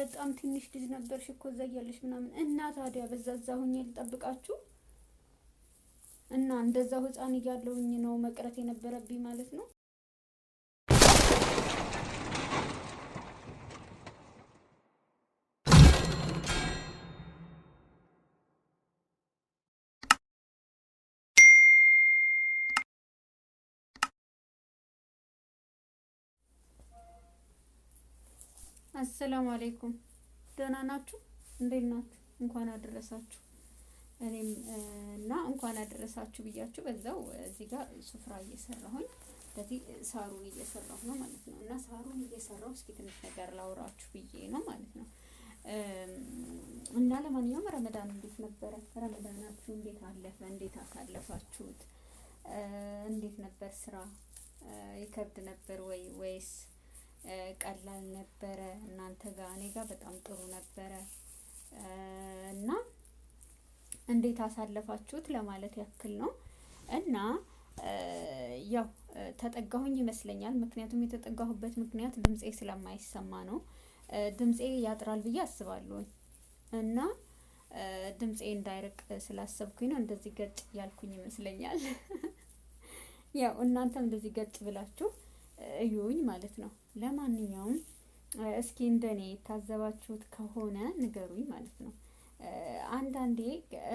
በጣም ትንሽ ልጅ ነበርሽ እኮ እዛ እያለሽ ምናምን እና ታዲያ በዛ እዛ ሁኜ ልጠብቃችሁ እና እንደዛው ህፃን እያለሁኝ ነው መቅረት የነበረብኝ ማለት ነው። አሰላሙ አሌይኩም ደህና ናችሁ? እንዴት ናችሁ? እንኳን አደረሳችሁ። እኔም እና እንኳን አደረሳችሁ ብያችሁ በዛው እዚህ ጋር ሱፍራ እየሰራሁኝ በዚህ ሳሩን እየሰራሁ ነው ማለት ነው። እና ሳሩን እየሰራሁ እስኪ ትንሽ ነገር ላውራችሁ ብዬ ነው ማለት ነው። እና ለማንኛውም ረመዳን እንዴት ነበረ? ረመዳናችሁ እንዴት አለፈ? እንዴት አሳለፋችሁት? እንዴት ነበር? ስራ ይከብድ ነበር ወይ ወይስ ቀላል ነበረ። እናንተ ጋር እኔ ጋር በጣም ጥሩ ነበረ እና እንዴት አሳለፋችሁት ለማለት ያክል ነው እና ያው ተጠጋሁኝ ይመስለኛል። ምክንያቱም የተጠጋሁበት ምክንያት ድምፄ ስለማይሰማ ነው። ድምፄ ያጥራል ብዬ አስባለሁኝ እና ድምፄ እንዳይርቅ ስላሰብኩኝ ነው እንደዚህ ገጭ ያልኩኝ ይመስለኛል። ያው እናንተም እንደዚህ ገጭ ብላችሁ እዩኝ ማለት ነው። ለማንኛውም እስኪ እንደኔ የታዘባችሁት ከሆነ ንገሩኝ ማለት ነው። አንዳንዴ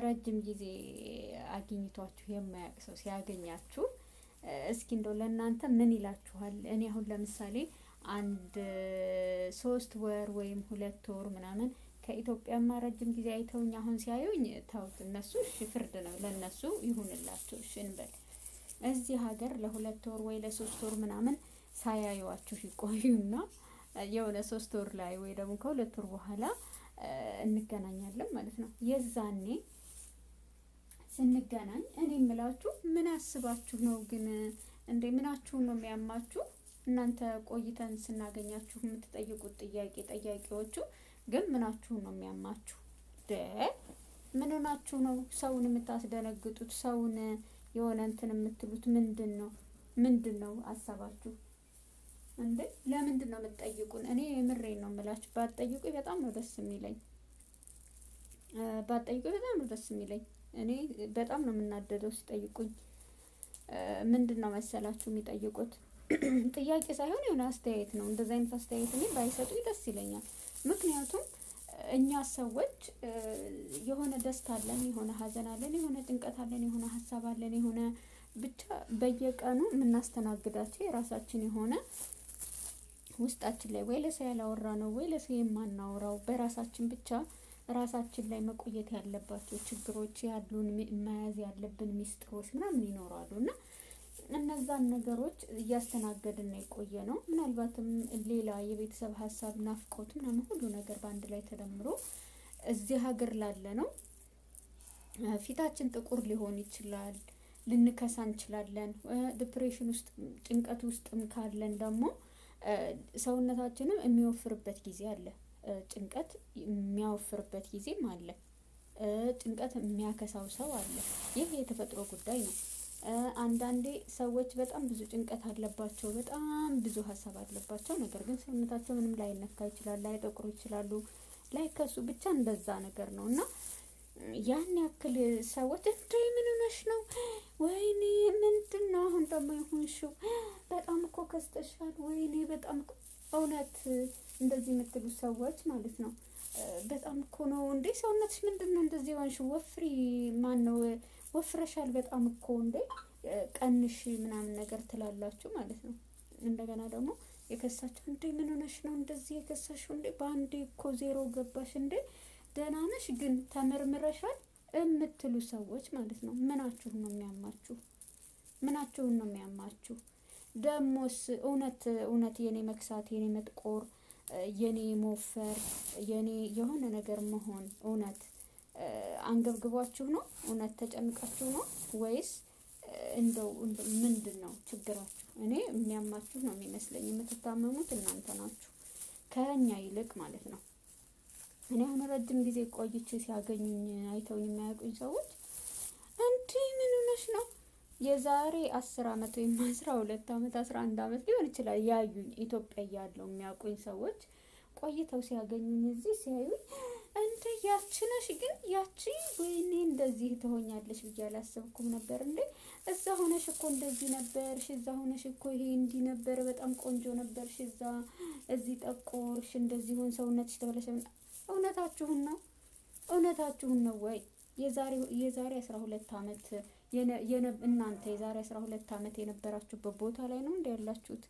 ረጅም ጊዜ አግኝቷችሁ የማያውቅ ሰው ሲያገኛችሁ እስኪ እንደው ለእናንተ ምን ይላችኋል? እኔ አሁን ለምሳሌ አንድ ሶስት ወር ወይም ሁለት ወር ምናምን ከኢትዮጵያማ ረጅም ጊዜ አይተውኝ አሁን ሲያዩኝ ታውት እነሱ እሺ ፍርድ ነው ለእነሱ ይሁንላቸው፣ እሺ እንበል። እዚህ ሀገር ለሁለት ወር ወይ ለሶስት ወር ምናምን ሳያዩዋችሁ ይቆዩና የሆነ ሶስት ወር ላይ ወይ ደግሞ ከሁለት ወር በኋላ እንገናኛለን ማለት ነው። የዛኔ ስንገናኝ እኔ የምላችሁ ምን አስባችሁ ነው ግን እንዴ? ምናችሁ ነው የሚያማችሁ? እናንተ ቆይተን ስናገኛችሁ የምትጠይቁት ጥያቄ ጥያቄዎቹ ግን ምናችሁ ነው የሚያማችሁ? ደ ምን ሆናችሁ ነው ሰውን የምታስደነግጡት? ሰውን የሆነ እንትን የምትሉት ምንድን ነው ምንድን ነው አሳባችሁ? እንዴ ለምንድን ነው የምትጠይቁን? እኔ የምሬን ነው የምላችሁ። ባትጠይቁ በጣም ነው ደስ የሚለኝ። ባትጠይቁ በጣም ነው ደስ የሚለኝ። እኔ በጣም ነው የምናደደው ሲጠይቁኝ። ምንድን ነው መሰላችሁ የሚጠይቁት ጥያቄ ሳይሆን የሆነ አስተያየት ነው። እንደዚ አይነት አስተያየት እኔ ባይሰጡኝ ደስ ይለኛል። ምክንያቱም እኛ ሰዎች የሆነ ደስታ አለን፣ የሆነ ሀዘን አለን፣ የሆነ ጭንቀት አለን፣ የሆነ ሀሳብ አለን፣ የሆነ ብቻ በየቀኑ የምናስተናግዳቸው የራሳችን የሆነ ውስጣችን ላይ ወይ ለሰው ያላወራ ነው ወይ ለሰው የማናወራው በራሳችን ብቻ ራሳችን ላይ መቆየት ያለባቸው ችግሮች ያሉን መያዝ ያለብን ሚስጥሮች ምናምን ይኖራሉ እና እነዛን ነገሮች እያስተናገድን የቆየ ነው። ምናልባትም ሌላ የቤተሰብ ሀሳብ፣ ናፍቆት ምናምን ሁሉ ነገር በአንድ ላይ ተደምሮ እዚህ ሀገር ላለ ነው ፊታችን ጥቁር ሊሆን ይችላል። ልንከሳ እንችላለን። ዲፕሬሽን ውስጥ ጭንቀት ውስጥም ካለን ደግሞ ሰውነታችንም የሚወፍርበት ጊዜ አለ። ጭንቀት የሚያወፍርበት ጊዜም አለ። ጭንቀት የሚያከሳው ሰው አለ። ይህ የተፈጥሮ ጉዳይ ነው። አንዳንዴ ሰዎች በጣም ብዙ ጭንቀት አለባቸው፣ በጣም ብዙ ሀሳብ አለባቸው። ነገር ግን ሰውነታቸው ምንም ላይነካ ይችላል፣ ላይጠቁሩ ይችላሉ፣ ላይከሱ ብቻ እንደዛ ነገር ነው እና ያን ያክል ሰዎች እንደ ምን ሆነሽ ነው? ወይኔ ምንድን ነው አሁን ደግሞ የሆንሽው? በጣም እኮ ከስተሻል። ወይኔ በጣም እውነት እንደዚህ የምትሉ ሰዎች ማለት ነው። በጣም እኮ ነው እንዴ! ሰውነትሽ ምንድን ነው እንደዚህ የሆንሽው? ወፍሪ ማን ነው ወፍረሻል? በጣም እኮ እንዴ! ቀንሽ ምናምን ነገር ትላላችሁ ማለት ነው። እንደገና ደግሞ የከሳችሁ እንዴ ምን ሆነሽ ነው እንደዚህ የከሳሽው? እንዴ በአንዴ እኮ ዜሮ ገባሽ እንዴ ደህና ነሽ ግን ተመርምረሻል የምትሉ ሰዎች ማለት ነው። ምናችሁን ነው የሚያማችሁ? ምናችሁን ነው የሚያማችሁ? ደሞስ እውነት እውነት የኔ መክሳት፣ የኔ መጥቆር፣ የኔ መወፈር፣ የኔ የሆነ ነገር መሆን እውነት አንገብግቧችሁ ነው? እውነት ተጨንቃችሁ ነው ወይስ እንደው ምንድን ነው ችግራችሁ? እኔ የሚያማችሁ ነው የሚመስለኝ። የምትታመሙት እናንተ ናችሁ ከኛ ይልቅ ማለት ነው። እኔ አሁን ረጅም ጊዜ ቆይቼ ሲያገኙኝ አይተውኝ የማያውቁኝ ሰዎች እንዲህ ምን ሆነሽ ነው? የዛሬ አስር አመት ወይም አስራ ሁለት አመት አስራ አንድ አመት ሊሆን ይችላል ያዩኝ ኢትዮጵያ እያለሁ የሚያውቁኝ ሰዎች ቆይተው ሲያገኙኝ እዚህ ሲያዩኝ እንደ ያቺ ነሽ ግን ያቺ ወይኔ እንደዚህ ትሆኛለሽ ብዬ አላሰብኩም ነበር። እንዴ እዛ ሆነሽ እኮ እንደዚህ ነበርሽ፣ እዛ ሆነሽ እኮ ይሄ እንዲህ ነበር፣ በጣም ቆንጆ ነበርሽ፣ እዛ እዚህ ጠቆርሽ፣ እንደዚህ ሆን ሰውነትሽ ተበለሸ እውነታችሁን ነው እውነታችሁን ነው ወይ? የዛሬ አስራ ሁለት ዓመት እናንተ የዛሬ አስራ ሁለት ዓመት የነበራችሁበት ቦታ ላይ ነው እንደ ያላችሁት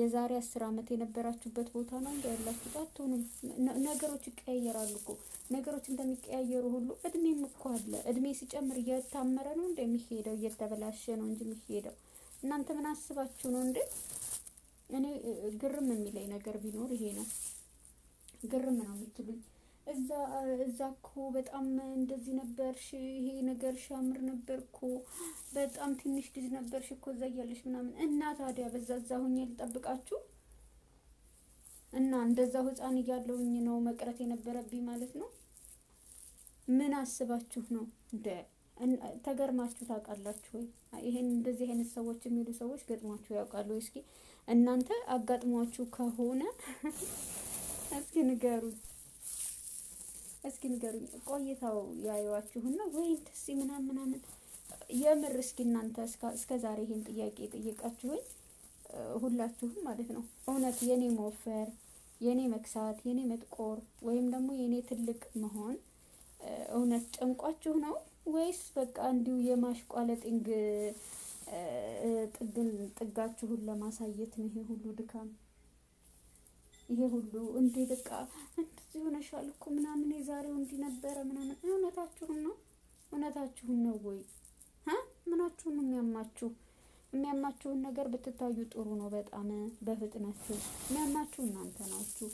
የዛሬ አስር ዓመት የነበራችሁበት ቦታ ነው እንደ ያላችሁት። አትሆኑም። ነገሮች ይቀያየራሉ እኮ ነገሮች እንደሚቀያየሩ ሁሉ እድሜም እኮ አለ። እድሜ ሲጨምር እየታመረ ነው እንደ የሚሄደው እየተበላሸ ነው እንጂ የሚሄደው። እናንተ ምን አስባችሁ ነው እንዴ? እኔ ግርም የሚለኝ ነገር ቢኖር ይሄ ነው። ግርም ነው የምትሉኝ እዛ እዛ እኮ በጣም እንደዚህ ነበርሽ፣ ይሄ ነገር ሻምር ነበር እኮ በጣም ትንሽ ልጅ ነበርሽ እኮ እዛ እያለሽ ምናምን እና ታዲያ በዛ እዛ ሁኜ ልጠብቃችሁ እና እንደዛው ህፃን እያለሁኝ ነው መቅረት የነበረብኝ ማለት ነው። ምን አስባችሁ ነው እንደ ተገርማችሁ ታውቃላችሁ ወይ? ይሄን እንደዚህ አይነት ሰዎች የሚሉ ሰዎች ገጥሟችሁ ያውቃሉ እስኪ እናንተ አጋጥሟችሁ ከሆነ እስኪ ንገሩኝ። እስኪ ንገሩኝ። ቆይታው ያዩዋችሁና ነው ወይ ምናምን ምናምን የምር እስኪ እናንተ እስከ ዛሬ ይሄን ጥያቄ ጠየቃችሁኝ ሁላችሁም ማለት ነው። እውነት የኔ መወፈር፣ የኔ መክሳት፣ የኔ መጥቆር ወይም ደግሞ የኔ ትልቅ መሆን እውነት ጨንቋችሁ ነው ወይስ በቃ እንዲሁ የማሽቋለጥንግ ጥግን ጥጋችሁን ለማሳየት ነው ይሄ ሁሉ ድካም? ይሄ ሁሉ እንዴ በቃ እንደዚህ ሆነሻል እኮ ምናምን የዛሬው እንዲህ ነበረ ምናምን። እውነታችሁን ነው እውነታችሁን ነው ወይ ምናችሁን የሚያማችሁ? የሚያማችሁን ነገር ብትታዩ ጥሩ ነው። በጣም በፍጥነት የሚያማችሁ እናንተ ናችሁ።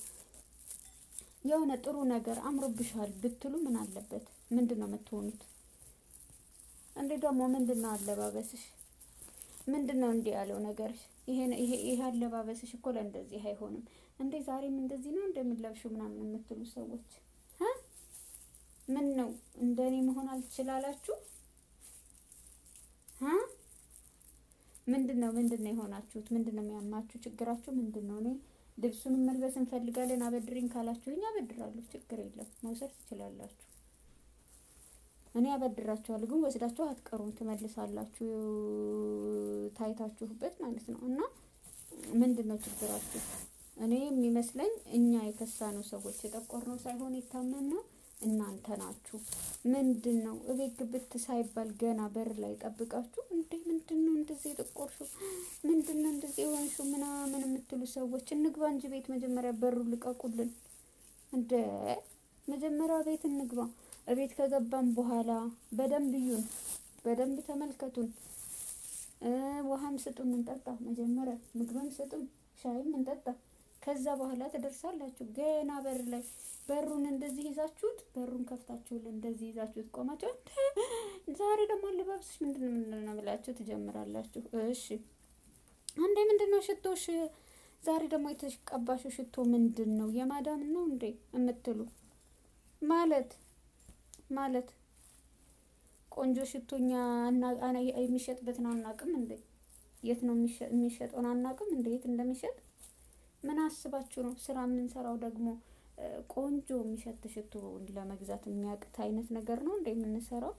የሆነ ጥሩ ነገር አምሮብሻል ብትሉ ምን አለበት? ምንድን ነው የምትሆኑት እንዴ? ደግሞ ምንድን ነው አለባበስሽ? ምንድን ነው እንዲህ ያለው ነገር? ይሄ አለባበስሽ እኮ ለእንደዚህ አይሆንም እንዴ! ዛሬም እንደዚህ ነው እንደሚለብሹ ምናምን የምትሉ ሰዎች ምን ነው እንደኔ መሆን አልችላላችሁ? ምንድን ነው ምንድን ነው የሆናችሁት? ምንድን ነው የሚያማችሁ? ችግራችሁ ምንድን ነው? እኔ ልብሱን መልበስ እንፈልጋለን አበድሪኝ ካላችሁኝ አበድራለሁ። ችግር የለም መውሰድ ትችላላችሁ። እኔ ያበድራችኋል ግን ወስዳችሁ አትቀሩም፣ ትመልሳላችሁ ታይታችሁበት ማለት ነው። እና ምንድን ነው ችግራችሁ? እኔ የሚመስለኝ እኛ የከሳነው ሰዎች የጠቆርነው ሳይሆን የታመምነው እናንተ ናችሁ። ምንድን ነው እቤት ግብት ሳይባል ገና በር ላይ ጠብቃችሁ እንዴ ምንድን ነው እንደዚህ የጠቆርሽው ምንድን ነው እንደዚህ የሆንሽው ምናምን የምትሉ ሰዎች እንግባ እንጂ ቤት መጀመሪያ በሩ ልቀቁልን። እንደ መጀመሪያ ቤት እንግባ። እቤት ከገባን በኋላ በደንብ እዩን፣ በደንብ ተመልከቱን። ውሃም ስጡን እንጠጣ። መጀመሪያ ምግብም ስጡን፣ ሻይም እንጠጣ። ከዛ በኋላ ትደርሳላችሁ። ገና በር ላይ በሩን እንደዚህ ይዛችሁት፣ በሩን ከፍታችሁልን እንደዚህ ይዛችሁት ቆማችሁ፣ ዛሬ ደግሞ ልባብስሽ ምንድን ነው ብላችሁ ትጀምራላችሁ። እሺ አንዴ ምንድን ነው ሽቶሽ? ዛሬ ደግሞ የተቀባሽው ሽቶ ምንድን ነው? የማዳም ነው እንዴ የምትሉ ማለት ማለት ቆንጆ ሽቶኛ የሚሸጥበትን አናቅም እንዴ? የት ነው የሚሸጠውን አናቅም እንዴ? የት እንደሚሸጥ ምን አስባችሁ ነው ስራ የምንሰራው? ደግሞ ቆንጆ የሚሸት ሽቶ ለመግዛት የሚያቅት አይነት ነገር ነው እንደ የምንሰራው።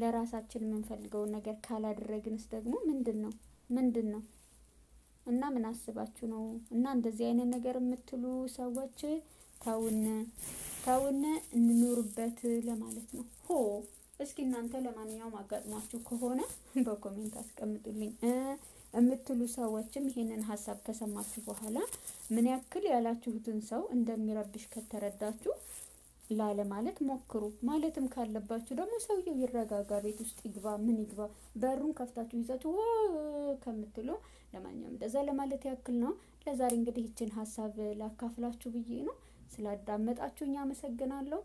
ለራሳችን የምንፈልገውን ነገር ካላደረግንስ ደግሞ ምንድን ነው ምንድን ነው? እና ምን አስባችሁ ነው? እና እንደዚህ አይነት ነገር የምትሉ ሰዎች ተውነ ተውነ እንኖርበት ለማለት ነው። ሆ እስኪ እናንተ ለማንኛውም አጋጥሟችሁ ከሆነ በኮሜንት አስቀምጡልኝ። የምትሉ ሰዎችም ይሄንን ሀሳብ ከሰማችሁ በኋላ ምን ያክል ያላችሁትን ሰው እንደሚረብሽ ከተረዳችሁ ላለ ማለት ሞክሩ። ማለትም ካለባችሁ ደግሞ ሰውየው ይረጋጋ፣ ቤት ውስጥ ይግባ፣ ምን ይግባ፣ በሩን ከፍታችሁ ይዛችሁ ከምትሉ ለማንኛውም እንደዛ ለማለት ያክል ነው። ለዛሬ እንግዲህ ይችን ሀሳብ ላካፍላችሁ ብዬ ነው። ስላዳመጣችሁኝ አመሰግናለሁ።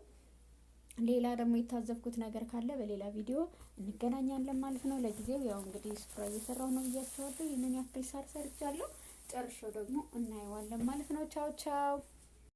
ሌላ ደግሞ የታዘብኩት ነገር ካለ በሌላ ቪዲዮ እንገናኛለን ማለት ነው። ለጊዜው ያው እንግዲህ ስፍራ እየሰራሁ ነው ብያችኋለሁ። ይህንን ያክል ሳር ሰርቻለሁ። ጨርሻው ደግሞ እናየዋለን ማለት ነው። ቻው ቻው።